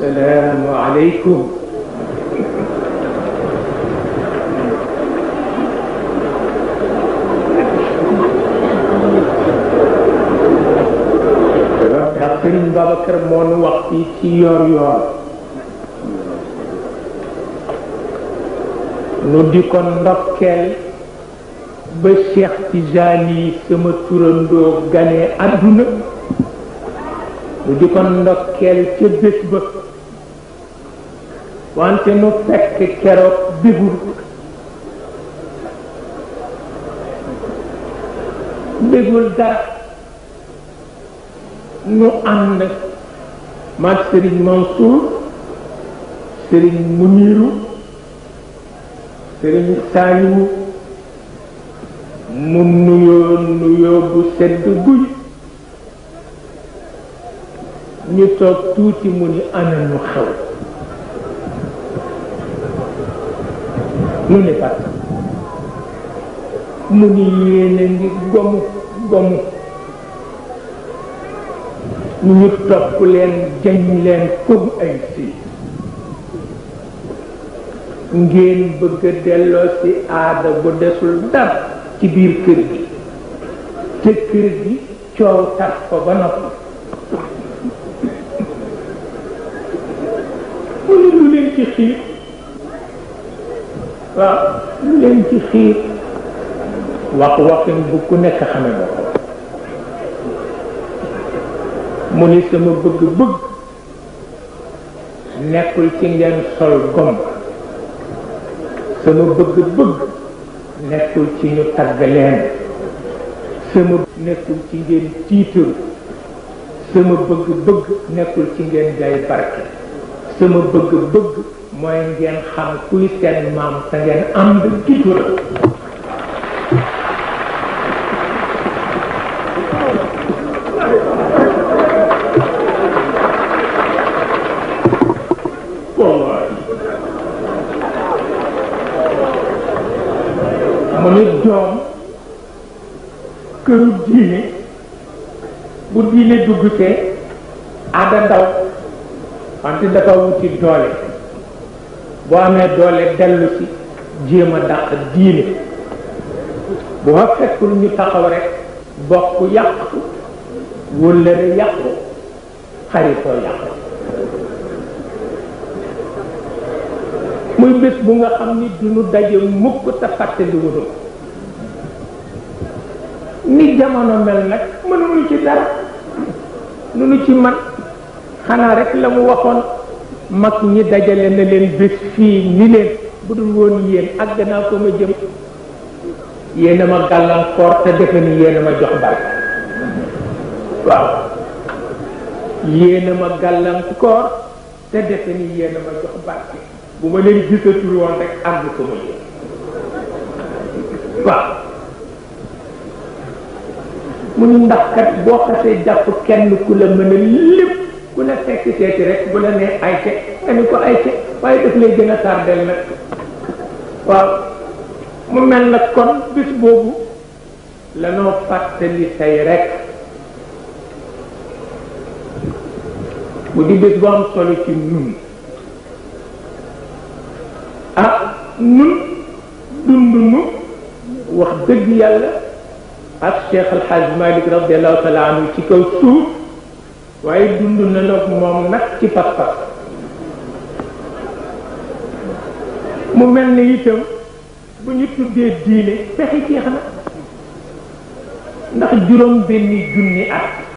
السلام عليكم ndax sëriñ Babacar moo nu ci yoor yoor nu di ko ndokkeel ba Cheikh Tijani sama turandoo gane àdduna mu di ko ndokkeel ca bés ba wante nu fekk keroog bégul bégul dara nu ànd mag sëriñ Mansour sëriñ Muniru sëriñ Saliou mu nuyoo nuyoo bu sedd guy ñu toog tuuti mu ni ana nu xew mu ni pat mu ni yéene ngi gomu gomu ñu topp leen jañ leen comme ay si ngeen bëgg delloo ci aada bu desul dara ci biir kër gi te kër gi coow tax fa ba noppi ci xiir waaw leen ci xiir wax waxin bu ku nekk xame na mu ni sama bëgg-bëgg nekkul ci ngeen sol gom sama bëgg-bëgg nekkul ci ñu tagg leen sama nekkul ci ngeen tiitur sama bëgg-bëgg nekkul ci ngeen jaay barke sama bëgg-bëgg mooy ngeen xam kuy seen maam te ngeen am da gitu la mu nit doom këru diine bu diine dugg te ndaw wante dafa wuti doole boo amee doole dellu ci jéem a dàq diine bu ma fekkul ñu taxaw rek bokk yàqu wëllëre yàqu xaritoo yàqu muy bés bu nga xam ni duñu daje mukk te fàttali wunu ni jamono mel nag mënuñu ci dara nu nu ci man xanaa rek la mu waxoon mag ñi dajale na leen bés fii ni leen bu dul woon yéen àgg naa ko ma jëm yéen a ma gàllankoor te defe ni yéen ma jox bal waaw yéen ma gàllankoor te defe ni yéen ma jox barke bu ma leen gisatul woon rek àgg ko ma jëm waaw mu ndax kat boo xasee jàpp kenn ku la mën a lépp ku la tekk seeti rek bu la nee ayca dañu ko ayca waaye daf lay gën a tardel nag waaw mu mel nag kon bis boobu lanoo fàttali tey rek mu di bis bu solo ci nun ah nun dund nu wax dëgg yàlla ak Cheikh Al Hadj Malick radiyallahu taala anhu ci kaw suuf waaye dund na nag moom nag ci pas-pas mu mel ni itam bu ñu tuddee diine pexe jeex na ndax juróom benni junni at